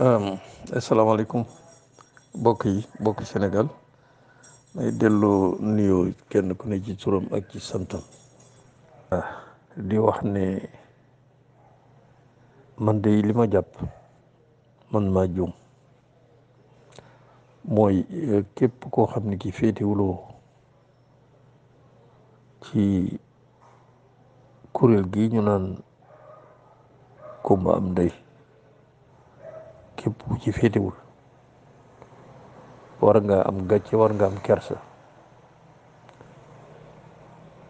Ehm, assalamualaikum, bokk yi bokk senegal may delloo nuyo kenn ku ne ci turam ak ci santam ah, di wax ne man de li ma man ma juum moy eh, kep ko xamni ki ki wulo ci kurel gi ñu naan am ndey képp ku ci féetewul war nga am gàcce war nga am kersa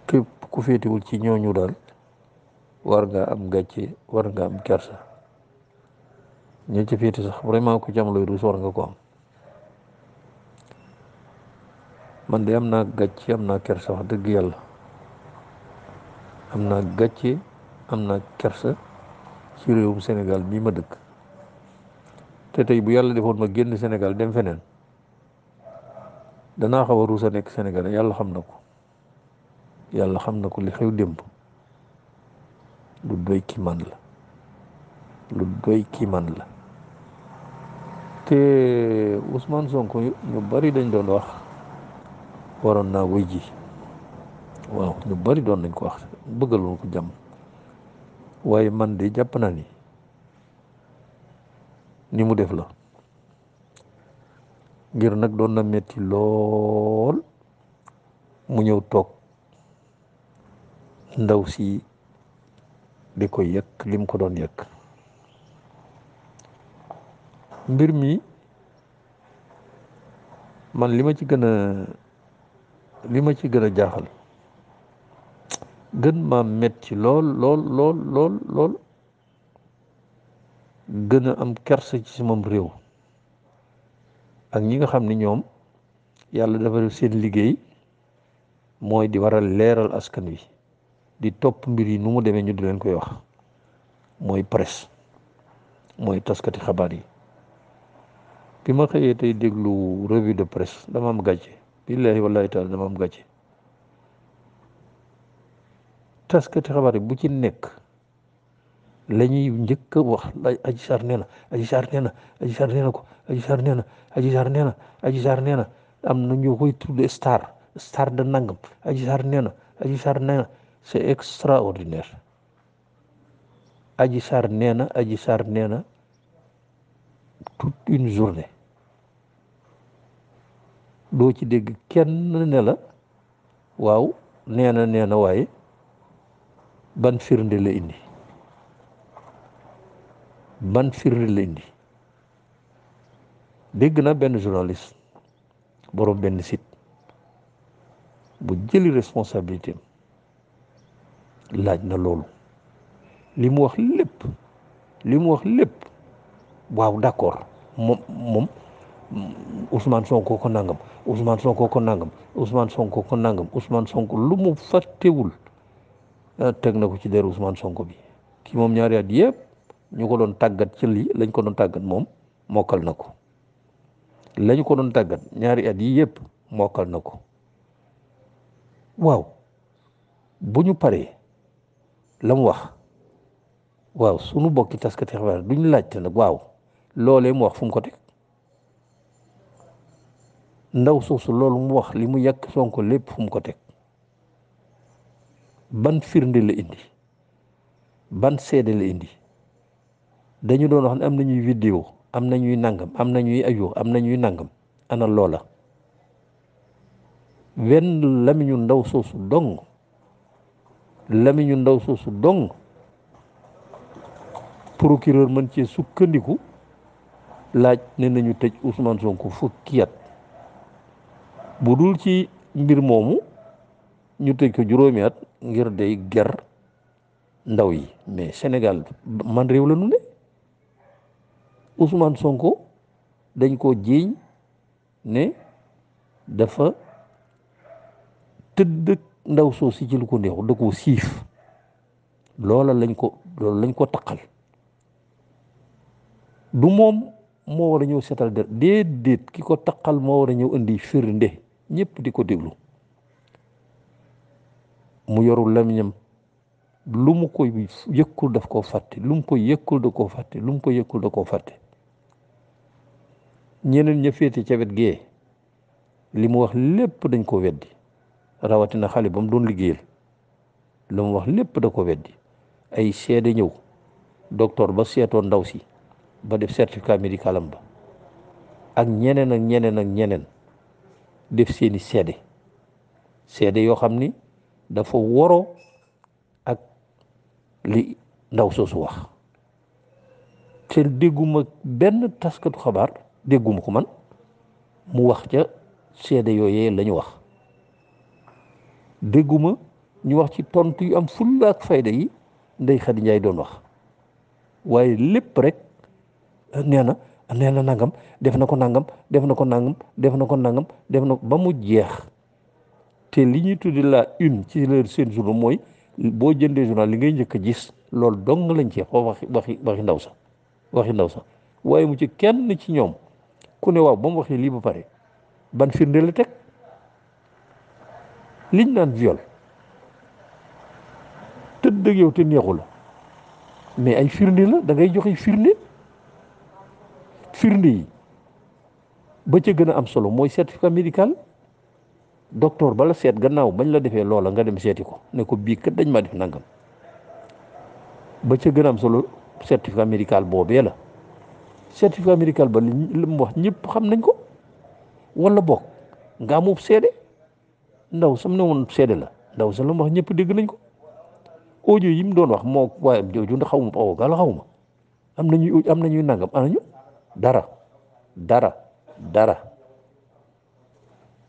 képp ku féetewul ci ñooñu daal war nga am gàcce war nga am kersa ñi ci fété sax vraiment ku ci am looy ruus war nga ko am man de am naa gàcce am naa kersa wax dëgg yàlla am naa gàcce am naa kersa ci réewum Sénégal mii ma dëkk te tey bu yàlla defoon ma génn senegal dem feneen danaa xaw a ruus a nekk Sénégal yàlla xam na ko yàlla xam na ko li xew démb lu doy ki man la lu doy ki man la te Ousmane Sonko ñu bari dañ doon wax waroon naa wuy ji waaw ñu bari doon nañ ko wax bëggaloon ko jàmm waaye man de jàpp na ni ni mu def la ngir nag doon na metti lool mu ñëw toog ndaw si di ko yëkk lim ko doon yëkk mbir mi man li ma ci gën a li ma ci gën a jaaxal gën ma metti lool lool lool lool gën a am kersa ci samam réew ak ñi nga xam ni ñoom yàlla dafa def seen liggéey mooy di waral leeral askan wi di topp mbir yi nu mu demee ñu di leen koy wax mooy presse mooy taskati xabaar yi bi ma xëyee tey déglu revue de presse dama am gàcce billaahi wallaahi taala dama am gàcce taskati xabaar yi bu ci nekk la ñuy njëkk a wax aji sar nee na aji sar nee aji sar nee ko aji sar nee aji sar nee na aji sar nee am na ñu koy tudde star star de nangam aji sar nee na aji sar aji sar nee na aji sar nee na toute une journée doo ci dégg kenn ne la waaw nee na ban firnde la indi ban firnde la indi dégg na benn journaliste borom benn sit bu jëli responsabilité laaj na loolu li mu wax lépp li mu wax lépp waaw d'accord moom moom Ousmane Sonko ko nangam Ousmane Sonko ko nangam Ousmane Sonko ko nangam Ousmane Sonko lu mu fàttewul ah, teg na ko ci der Ousmane Sonko bi kii moom ñaari at yëpp. ñu ko doon tàggat ci lii lañ ko doon tàggat moom mokkal na ko lañ ko doon tàggat ñaari at yi yëpp mokkal na ko waaw bu ñu paree la mu wax waaw sunu bokki taskati xibaar duñ laajte nag waaw loolee mu wax fu mu ko teg ndaw soosu loolu mu wax li mu yàq Sonko lépp fu ko teg ban firnde la indi ban seede la indi dañu doon wax ne am nañuy vidéo am nañuy nangam am nañuy ayoo am nañuy nangam ana loola wenn lamiñu ndaw soosu dong lamiñu ndaw soosu dong procureur mën cee sukkandiku laaj ne nañu tëj Ousmane Sonko fukki at bu dul ci mbir moomu ñu tëj ko juróomi at ngir day ger ndaw yi mais Sénégal man réew la nu ne Ousmane Sonko dañ koo jiiñ ne dafa tëdd ndaw soo si ci lu ko neexu da koo siif loola lañ ko loola lañ ko taqal du moom moo war ñëw seetal der déedéet ki ko taqal moo war a ñëw indi firnde ñëpp di ko déglu mu yoru lamiñam lu mu ko yëkkul daf koo fàtte lu mu ko yëkkul da koo fàtte lu mu ko yëkkul da koo fàtte ñeneen ña féete ca wet gee li mu wax lépp dañ koo weddi rawatina xale ba mu doon liggéeyal lu mu wax lépp da ko weddi ay seede ñëw docteur ba seetoo ndaw si ba def certificat médical ba ak ñeneen ñeneen ak ñeneen def seeni seede seede yoo xam ni dafa woro ak li ndaw soosu wax te dégguma benn taskatu xabaar dégguma ko man mu wax ca seede yooyee la ñu wax dégguma ñu wax ci tontu yu am fulla ak fayda yi ndey Xadi doon wax waaye lépp rek nee na nee na nangam def na ko nangam def na ko nangam def na ko nangam def na ko ba mu jeex te li ñuy tuddi la une ci leur seen journal mooy boo jëndee journal li ngay njëkk a gis loolu dong lañ ci waxi waxi waxi ndaw sa waxi ndaw sa waaye mu ci kenn ci ñoom ku ne waaw ba mu waxee lii ba pare ban firnde la teg liñ naan viol tëdd ak yow te neexu la mais ay firnde la da ngay joxe firnde firnde yi ba ca gën a am solo mooy certificat médical docteur bala seet gannaaw bañ la defee loola nga dem seeti ko nekku bii kat dañ ma def nangam ba ca gën a am solo certificat médical boobee la. certificat médical ba li mu wax ñëpp xam nañ ko walla boog nga amub seede ndaw sam na woon seede la ndaw sa la mu wax ñëpp dégg nañ ko audio yi mu doon wax moo waaye jooju ndax xaw ma aw gal xaw ma am nañuy am nañuy nangam anañu dara dara dara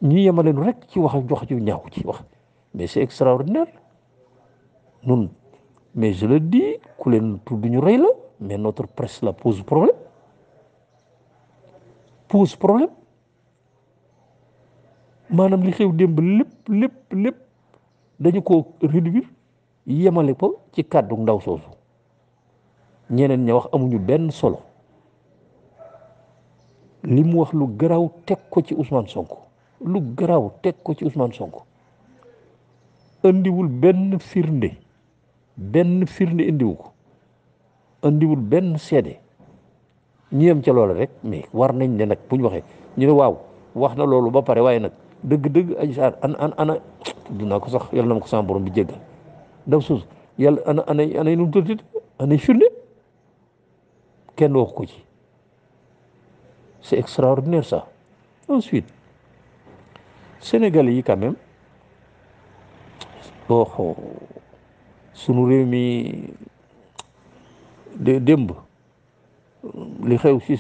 ñu yemaleenu rek ci wax jox ju ñaaw ci wax mais c'est extraordinaire nun mais je le dis ku leen tudd ñu rey la mais notre presse la pose problème pose problème maanaam li xew démb lépp lépp lépp dañu ko réduire yemale ko ci kàddu ndaw soosu ñeneen ña wax amuñu benn solo li mu wax lu garaaw teg ko ci Ousmane Sonko lu garaw teg ko ci usman Sonko indiwul benn firnde benn firnde indiwu ko indiwul benn seede ñu yem ca loola rek mais war nañ ne nag bu ñu waxee ñu ne waaw wax na loolu ba pare waaye nag dëgg-dëgg Adji Sarr an an ana dinaa ko sax yàlla na ma ko sama borom bi jéggal daw suus yàlla ana ana anay nu mu tuddit anay kenn wax ko ci c'est extraordinaire ça ensuite Sénégalais yi quand même oh, oh sunu réew mi de démb li xew si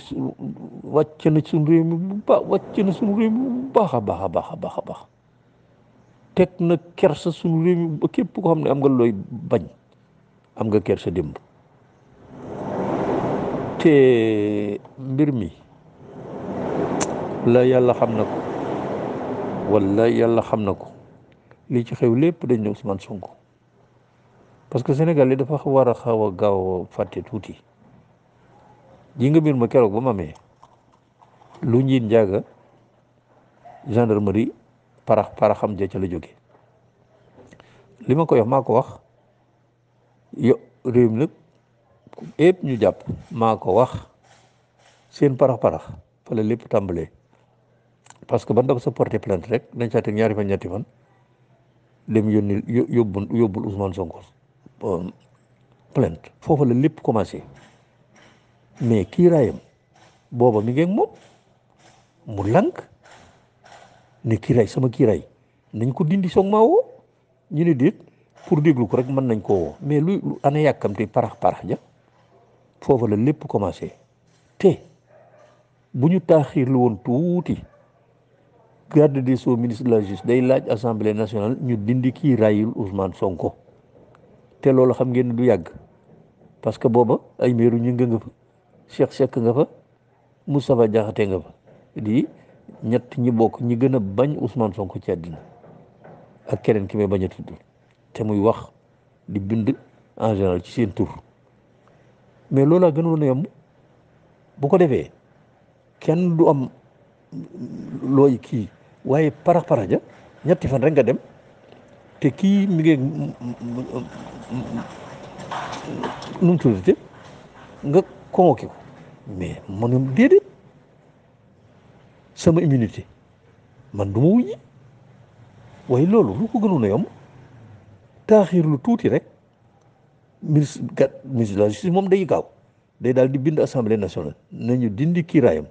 wàcc na suñu réew mi bu na suñu réew mi bu baax a baax a baax a baax a baax teg na kersa suñu réew ba képp koo xam am nga looy bañ am nga kersa démb te mbir mi la yàlla xam na ko wala yàlla xam na ko lii ci xew lépp dañ ne Ousmane Sonko parce que senegal li dafa war a xaw a gaaw a fàtte tuuti ji nga mbir ma keroog ba ma amee lu njiit njaaga gendarmerie parax paraxam ja ca la jóge li ma ko wax maa ko wax yo réew mi nag yëpp ñu jàpp maa ko wax seen parax parax fa la lépp tàmbalee parce que ban da ko sa porté plainte rek dañ saa teg ñaari fan ñetti fan dem yónni yóbbu yóbbul Ousmane Sonko euh, plainte foofu la lépp commencé mais kiiraayam booba mi ngeen moom mu lànk ne kiiraay sama kiiraay nañ ko dindi soog maa woo ñu ne déet pour déglu ko rek mën nañ koo woo mais lu ana yàkkamte parax parax ja foofa la lépp commencé te bu ñu taaxiirlu woon tuuti garde des sceaux ministre de la justice day laaj assemblée nationale ñu dindi kii rayul Ousmane Sonko te loolu xam ngeen du yàgg parce booba ay meeru ñu nga Cheikh Seck nga fa mu Moustapha Diakhaté nga fa di ñett ñi bokk ñi gën a bañ Ousmane Sonko ci àddina ak keneen ki may bañ a tudd te muy wax di bind en général ci seen tur mais loolaa gënoon a yomb bu ko defee kenn du am looy kii waaye para para ja ñetti fan rek nga dem te kii mi ngi nu mu nga convoqué ko mais manum déedéet sama immunité man du ma wujji waaye loolu lu ko gënoon a yomb tuuti rek ministre gat ministre la justice moom day gaaw day daal di bind assemblée nationale nañu dindi kiiraayam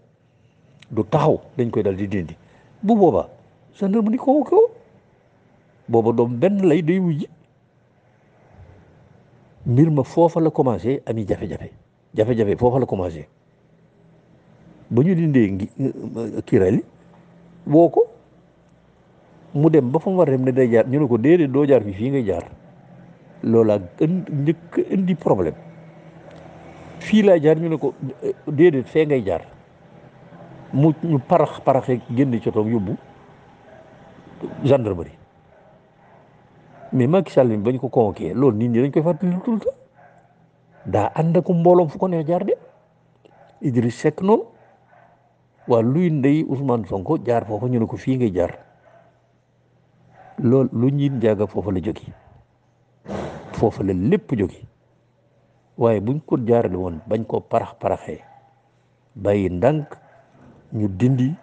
du taxaw dañ koy dal di dindi bu boobaa gendarme di ko ko booba doom benn lay day wujji mbir ma foofa la commencé ami jafe-jafe jafe-jafe foofa la commencé ba ñu dindee ngi euh, kirali woo ko mu dem ba fa mu war dem ne day jaar ñu ne ko déedéet doo jaar fii fii ngay jaar loola njëkk ndi problème fii laa jaar ñu ne ko euh, déedéet fee ngay jaar mu ñu parax paraxee génn cotoom yóbbu gendarmerie mais Macky Sall mi bañ ko convoqué loolu nit ñi dañ koy fàttali tout le temps daa ànd ak mbooloom fu ko nee jaar de Idriss Seck noonu waaw luy ndey Ousmane Sonko jaar foofu ñu ne ko fii ngay jaar loolu lu ñuy jaaga foofa la jógee foofa la lépp jógee waaye buñ ko jaarale woon bañ koo parax paraxee bàyyi ndànk ñu dindi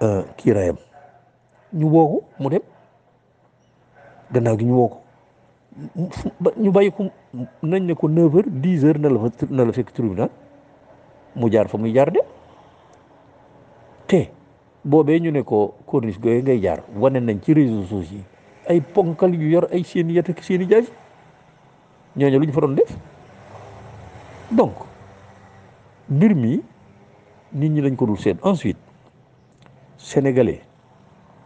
euh, kiirayam ñu woo mu dem gannaaw gi ñu woo ñu bàyyi ko nañ ne ko 9h 10 na la fa na mu jaar fa muy jaar dem. te boobee ñu ne ko corniche gooy ngay jaar wane nañ ci réseaux sociaux yi ay ponkal yu yor ay seen yet ak seen i jaaj ñooñu lu ñu fa doon def donc mbir mi nit ñi dañ ko dul seen ensuite sénégalais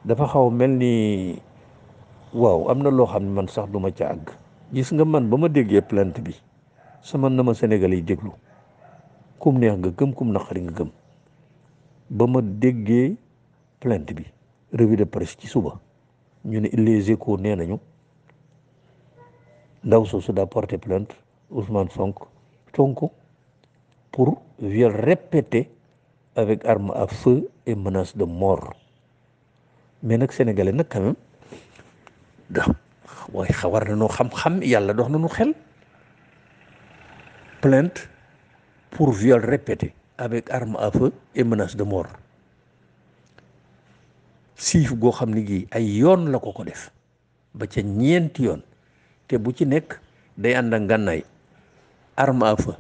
dafa xaw mel ni waaw am na loo xam ne man sax du ma ca àgg gis nga man ba ma déggee plainte bi sama nama ma sénégalais yi déglu kum neex nga gëm kum naqari nga gëm ba ma plainte bi revue de presse ci suba ñu ne les échos nee nañu ndaw soosu plainte Ousmane Sonko pour viol répété avec arme à feu et menace de mort mais les sénégalais quand même da waaye xam-xam plainte pour viol répété avec arme à feu de mort siif goo xam ne gii ay yoon la ko ko def ba ca ñeenti yoon te bu ci nekk day ànd ak ngànnaay arme à feu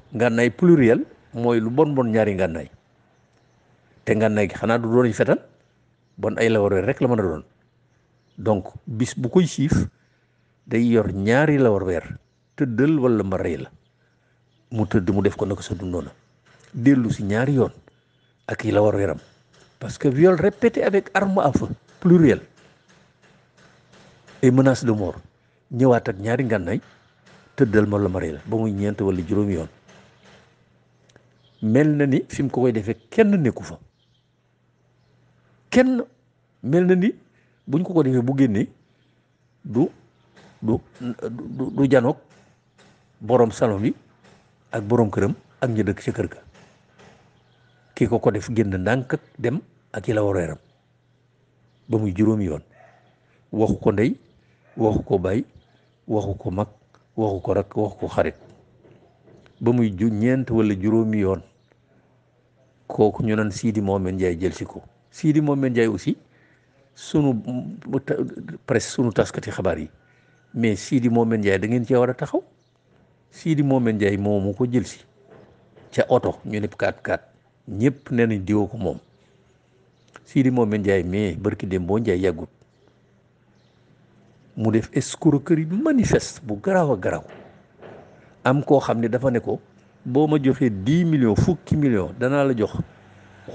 pluriel mooy lu bon bon ñaari ngànnaay te ngànnaay gi xanaa du doon fetal bon ay lawar rek la mën a doon donc bis bu koy siif day yor ñaari lawar weer tëddal wala ma rey la mu tëdd mu def ko naka sa dundoona déllu si ñaari yoon ak yi la war yaram parce que viol répété avec arme à feu pluriel et menace de mort ñëwaat ak ñaari ngànnaay tëddal ma la ma rey ba muy ñeent wala juróom yoon mel na ni fim mu ko koy defee kenn nekku fa kenn mel na ni buñ ko ko defee bu génnee du du du janoog borom salon bi ak borom këram ak ñi dëkk ca kër ga ki ko ko def génn ndànk dem ak yi la wareeram ba muy juróom yoon waxu ko ndey waxu ko bay waxu ko mag waxu ko rakk waxu ko xarit ba muy ju ñeent wala juróom yoon kooku ñu naan Sidi Mohamed Ndiaye jël si ko Sidi Mohamed Ndiaye aussi sunu presse sunu taskati xabaar yi mais Sidi Mohamed Ndiaye da ngeen cee war a taxaw Sidi Mohamed Ndiaye moomu ko jël si ca oto ñu ne 4-4 ñépp nee nañ diwoo ko moom Sidi Mohamed Ndiaye mais barki dem boo Ndiaye yàggut mu def kër escroquerie manifeste bu garaaw a garaaw am koo xam ne dafa ne ko boo ma joxee dix millions fukki million danaa la jox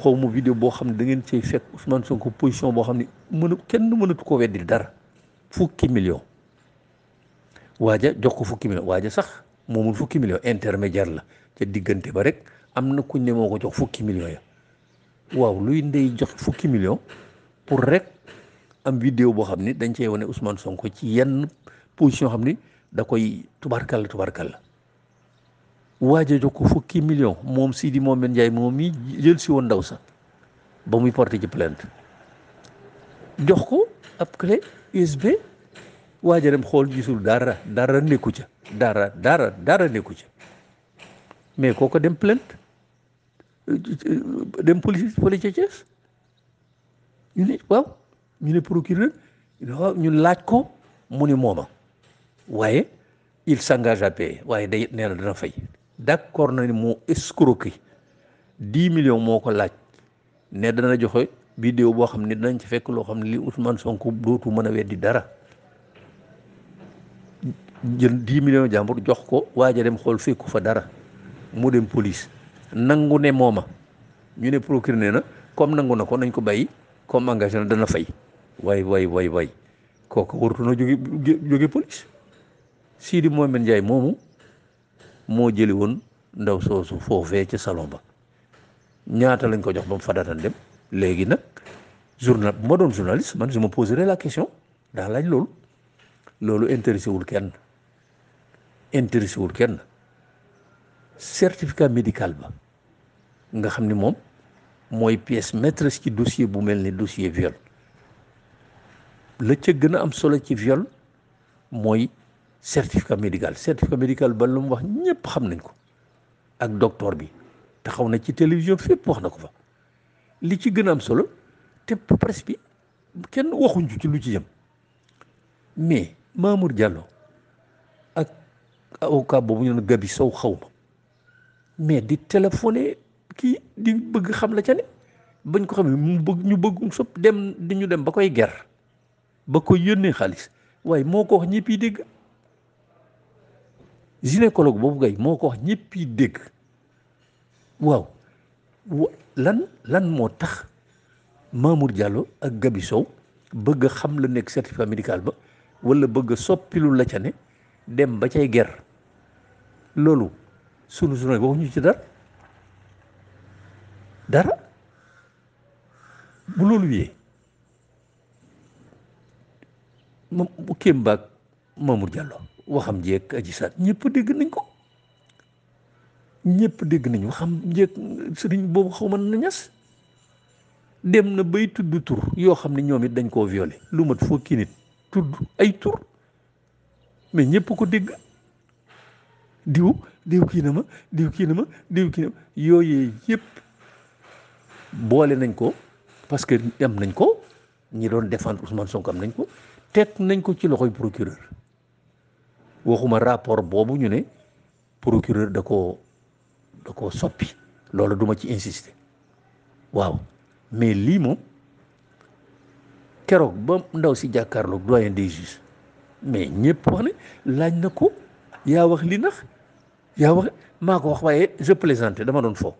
xaw mu vidéo boo xam ne da ngeen cee fekk Ousmane Sonko position boo xam ne mënu kenn mënatu ko weddil dara fukki millions waaja jox ko fukki millions waaja sax moomul fukki millions intermédiaire la ca diggante ba rek. am na kuñ ne moo ko jox fukki millions ya waaw luy ndey jox fukki millions pour rek am vidéo boo xam ni dañ cee wane Ousmane Sonko ci yenn position xam ni da koy tubarkalla tubarkalla waaja jox ko fukki millions moom Sidi Mohamed Ndiaye moom mi jël si woon ndaw sax ba muy porté ci jox ko ab clé USB waaja dem xool gisul dara daara nekku ca dara dara dara nekku ca mais kooko dem plainte dem police police ca Thiès ne waaw ñu ne procureur waaw ñu laaj ko mu ni mooma waaye il s'engage à waaye day nee na dana fay d'accord na ni moo escroqué dix millions moo ko laaj ne dana joxe vidéo boo xam ne danañ ci fekk loo xam ne li Ousmane Sonko dootu mën a weddi dara jël dix millions jàmbur jox ko waaja dem xool fekku fa dara mu dem police nangu ne mooma ñu ne procureur na comme nangu na ko nañ ko bay comme engagé na dana fay way way way way kooku waratu na jóge jóge police Sidi Mohamed Ndiaye moomu moo jëli woon ndaw soosu foofee ca salon ba ñaata lañ ko jox ba mu fadatan dem léegi nag journal bu ma doon journaliste man si me poserai la question daa laaj loolu loolu intéressé wul kenn intéressé wul kenn certificat médical ba nga xam ni moom mooy pièce maîtresse ci dossier bu mel ni dossier viol la ca gën a am solo ci viol mooy certificat médical certificat médical ba lu mu wax ñëpp xam nañ ko ak docteur bi taxaw na ci télévision fépp wax na ko fa li ci gën a am solo te presse bi kenn waxuñ ci lu ci jëm mais Mamour Diallo ak avocat boobu ñu ne Gabi Sow xaw ma mais di téléphoner kii di bëgg xam la ca ne bañ ko xamee mu bëgg ñu bëggum sopp dem di dem ba koy ger ba koy yónnee xaalis waaye moo ko wax ñëpp dégg gynécologue boobu gay moo ko wax ñëpp yi dégg waaw lan lan moo tax Mamour Diallo ak Gabi bëgg xam la nekk certificat médical ba wala bëgg a soppilu la ca ne dem ba cay ger loolu sunu sunu ñu ci dara dara bu loolu wiyee moom bu kéem baag Mamour Diallo waxam jeeg aji saat ñëpp dégg nañ ko ñëpp dégg nañ waxam jeeg sëriñ boobu xaw ma na dem na bay tudd tur yoo xam ne ñoom it dañ koo violé lu mat fukki nit tudd ay tur mais ñëpp ko dégg diw diw kii na ma diw kii na ma diw kii na ma yooyee yëpp boole nañ ko parce que am nañ ko ñi doon défendre Ousmane Sonko am nañ ko teg nañ ko ci loxoy procureur waxuma rapport boobu ñu ne procureur da koo da koo soppi loolu duma ci insister waaw mais lii moom keroog ba ndaw si jàkkaarloog doyen des juges mais ñëpp wax ne laaj na ko yaa wax li nax yaa wax maa ko wax waaye je plaisante dama doon fo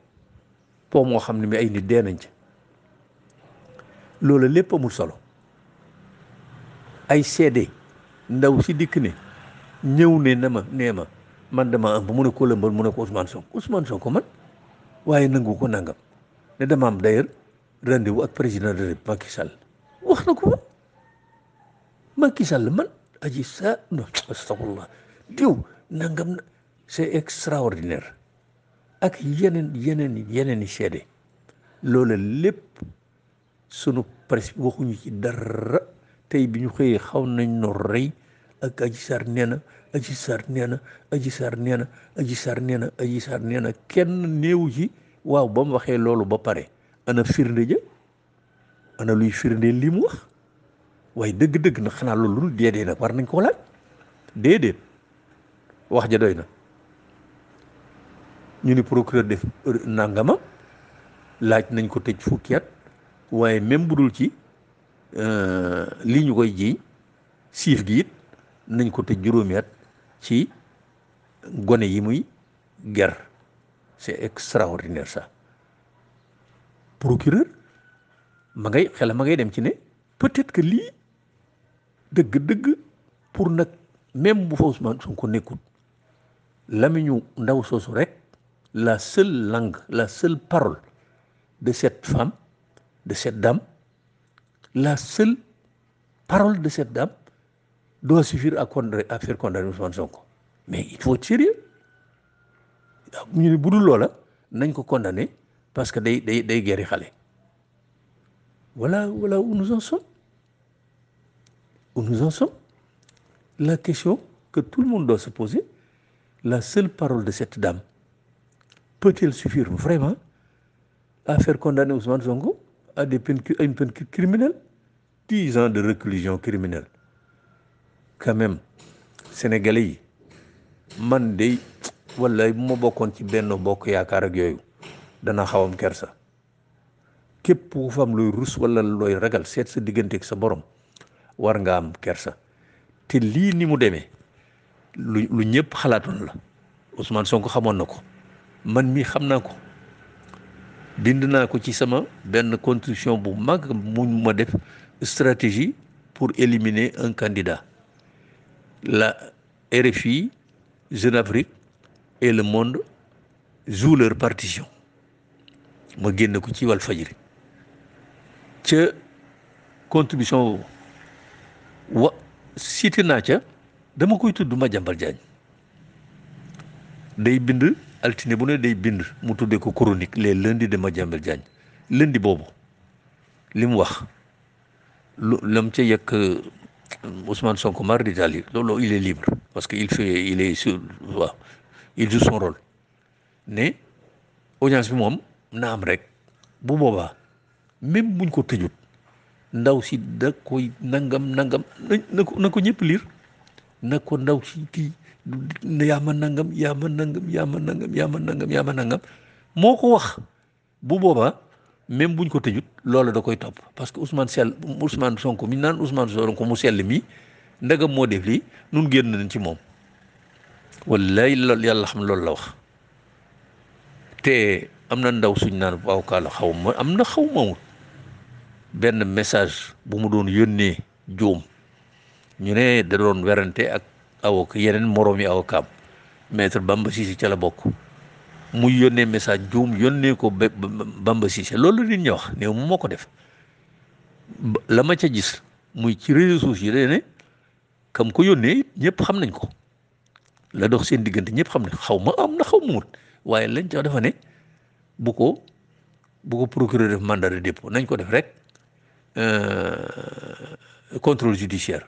po moo xam ne mi ay nit dee nañ ci loolu lépp amul solo ay seede ndaw si dikk ne ñëw ne na ma nee ma man dama am ba mu ne ko lëmbal mu ne ko Ousmane Sonko Ousmane Sonko man waaye nangu ko nangam ne dama am d'ailleurs ak président de république wax na ko ma Macky Sall man aji sa non astafurlah diw nangam na c'est ak yeneen yeneen yeneen i seede loola lépp sunu presse waxuñu ci dara tey bi ñu xëyee xaw nañ no rey ak aji sar nee na aji sar nee na aji sar nee na kenn néewu ci waaw ba mu waxee loolu ba pare ana firnde ja ana luy firnde li wax waaye dëgg-dëgg na xanaa loolu dul dee dee nag war nañ koo laaj déedéet wax ja doy na ñu ni procureur def nangama laaj nañ ko tëj fukki at waaye même bu dul ci euh, lii ñu koy jiiñ siif gi it nañ ko tëj juróomi at ci gone yi muy ger c'est extraordinaire sax procureur ma ngay xel ma ngay dem ci ne peut-être que lii dëgg-dëgg pour nag même bu fa ko nekkut nekkul lamiñu ndaw soosu rek la seule langue, la seule parole de cette femme, de cette dame, la seule parole de cette dame doit suffire à, faire condamner Ousmane Sonko. Mais il faut tirer sérieux. parce que des des voilà voilà où nous en sommes où nous en sommes la question que tout le monde doit se poser la seule parole de cette dame peut il suffire vraiment à faire condamner Ousmane Zongo à, des peines, une peine criminelle 10 ans de réclusion criminelle. Quand même, Sénégalais Mandé, voilà, de wallaay bu ma bokkoon ci benn bokk yaakaar ak yooyu dana kersa Kep pou fam am russe rus wala le ragal set ce qui est sa borom war nga am kersa te li ni mou deme, lu lu la Ousmane Sonko xamoon na man mi xam naa ko bind naa ko ci sama benn bu mag mu ma def stratégie pour éliminer un candidat la RFI Jeune Afrique et le monde jouent leur partition ma génn ko ci Walfadjri ca contribution boobu wa cité naa ca dama koy tudd Madiambal Diagne day bind altine bu ne day bind mu tuddee ko chronique les dem a Madiambal Diagne lundi boobu li mu wax lu lam ca yekk euh, Ousmane Sonko marre d'Italie loolu il est libre parce que il fait il est il joue son rôle ne audience bi moom na am rek bu boobaa même buñ ko tëjut ndaw si da koy nangam nangam na ko ñëpp liir nag ko ndaw si kii yaa ma nangam yaa ma nangam yaa ma nangam yaa ma moo ko wax bu boobaa même buñ ko tëjut loola da koy topp parce que Ousmane Sell Ousmane Sonko mi naan Ousmane Sonko mu sell mii ndagam moo def lii nun génn nañ ci moom wallaay loolu yàlla xam loolu la wax te am na ndaw suñ naan waaw kaala xaw ma am na xaw ma benn message bu mu doon yónnee joom ñu ne da doon werante ak avocat yeneen moroomi avocat maître Bamba Cissé ca la bokk muy yónnee message juum yónnee ko Bamba Cissé loolu nit ñi wax néew mu moo ko def la ma ca gis muy ci réseaux sociaux yi ne kam ko yónnee ñëpp xam nañ ko la dox seen diggante ñëpp xam ne xaw ma am na xaw ma wut waaye lañ ca dafa ne bu ko bu ko procureur def mandat de dépôt nañ ko def rek euh, contrôle judiciaire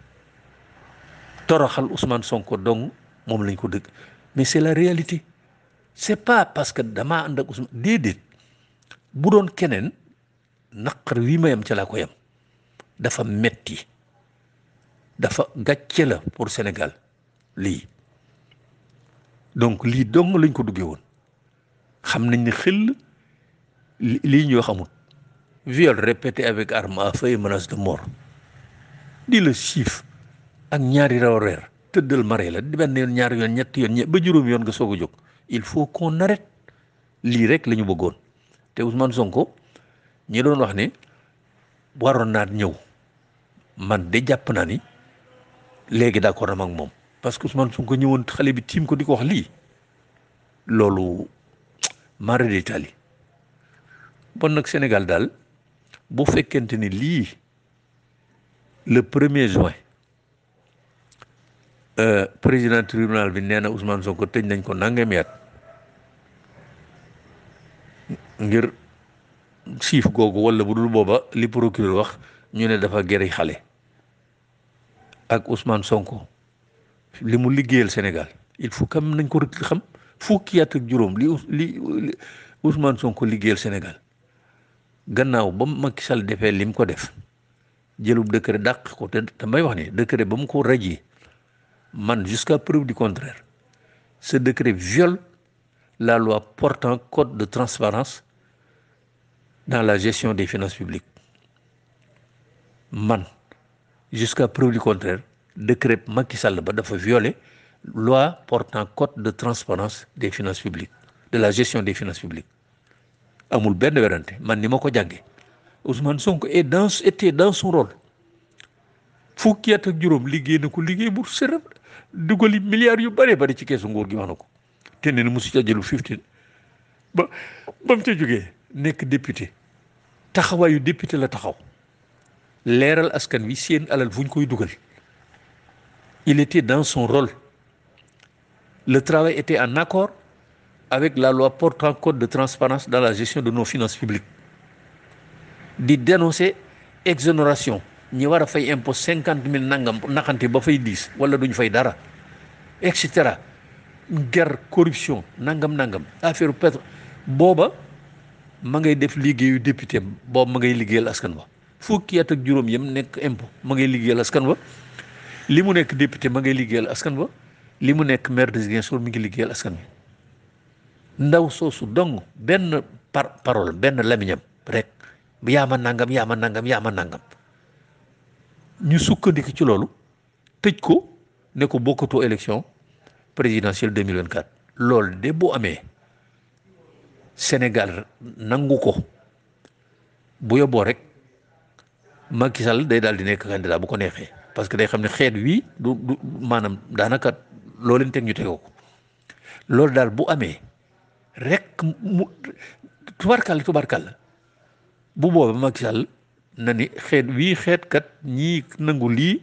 toroxal Ousmane Sonko dong mom lañ ko reality, mais c'est la réalité c'est pas parce que dama and ak Ousmane dedet bu don kenen nakar wi may yam ci la ko yam dafa metti dafa gatché la pour Sénégal li donc li dong lañ ko duggé won xam nañ ni xel li ñu wax viol répété avec arme à feu et menace de mort di le chiffre ak ñaari raw reer tëddal mare la di benn yoon ñaari yoon ñetti yoon ñe ba juróom yoon nga soog a jóg il faut qu'on arrête lii rek la ñu bëggoon te Ousmane Sonko ñi doon wax ni waroon naa ñëw man de jàpp naa ni léegi d'accord am ak moom parce que Ousmane Sonko ñëwoon xale bi tiim ko di ko wax lii loolu mare de tali bon nag Sénégal daal bu fekkente ni lii le premier juin Eh, président tribunal bi nee na Ousmane Sonko tëj nañ ko nangam yat ngir Chief gogo wala bu dul booba li procureur wax ñu ne dafa géré xalé ak Ousmane Sonko li liggéeyal Sénégal il faut kam nañ ko xam fukki at ak juroom li li Ousmane Sonko liggéeyal Sénégal gannaaw ba Macky Sall defee lim ko def jëlub décret dàq ko te damay wax ni décret ba ko rajee man jusqu'à preuve du contraire ce décret viole la loi portant code de transparence dans la gestion des finances publiques man jusqu'à preuve du contraire décret Macky Sall doit violer loi portant code de transparence des finances publiques de la gestion des finances publiques amul ben werante man ni ma ko jàngee Ousmane Sonko est dans était dans son rôle fukki a été juróom ko liggéey bu sërëm dugali milliards yu bari bari ci keesu nguur gi wax na ko te ne musu ca jëlu fifteen ba bam mu ca jógee nekk député taxawaayu député la taxaw leeral askan wi seen alal fu koy dugal il était dans son rôle le travail était en accord avec la loi portant code de transparence dans la gestion de nos finances publiques di dénoncer exonération ñi war a fay impôt cinquante mille nangam naxante ba fay diis wala duñ fay dara et cetera guerre corruption nangam nangam affaire pétrole booba ma ngay def liggéeyu député booba ma ngay liggéeyal askan wa fukki at ak juróom yam nekk impôt ma ngay liggéeyal askan wa li mu nekk député ma ngay liggéeyal askan wa li mu nekk maire de Ziguinchor mi ngi liggéeyal askan ndaw soosu dong benn par parole benn lamiñam rek yaa yaama nangam ma nangam ma nangam. ñu sukkandiku ci loolu tëj ko ne ko bokkatoo élection présidentielle 2024 loolu de bu amee Sénégal nangu ko bu yóbboo rek Macky day daal di nekk candidat bu ko neexee parce que day xam ne xeet wii du du maanaam daanaka loo teg ñu tegoo ko loolu daal bu amee rek mu tubarkàlla tubarkàlla bu boobaa Macky na ni xeet wii xeetkat ñii nangu lii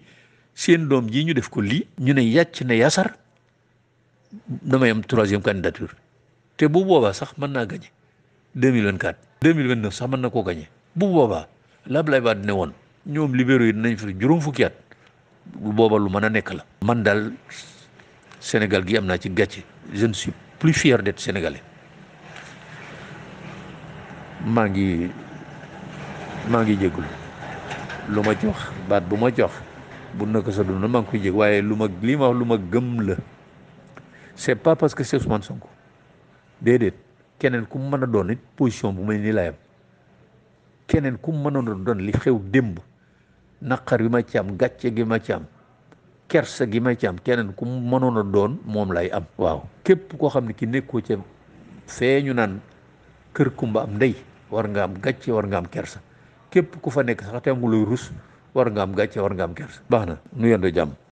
seen doom ji ñu def ko lii ñu ne yàcc ne yasar damay am troisième candidature te bu boobaa sax mën naa gañe deux mille vingt quatre deux mille vingt neuf sax man na koo gañe bu boobaa la Abdoulaye Wade ne woon ñoom libéraux yi dinañ fi juróom fukki at lu booba lu mën a nekk la man daal Sénégal gi am naa ci gàcce je ne suis plus fier maa ngi maa ngi jégul lu ma ci wax baat bu ma jox wax bu naka sa dund maa ngi koy jég waaye lu ma lii ma lu ma gëm la c'est pas parce que c'est Ousmane Sonko déedéet keneen ku mu mën a doon it position bu mel ni laayam keneen ku mu mënoon a doon li xew démb naqar bi ma ci am gàcce gi ma ci am kersa gi ma ci am keneen ku mu mënoon a doon moom lay am. waaw képp koo xam ne ki nekk nekkoo ca feeñu naan kër kumba am ndey war nga am gàcce war nga am kersa. képp ku fa nekk sax te amuloo rus war nga am gàcce war nga am kers baax na nu yendoo jàmm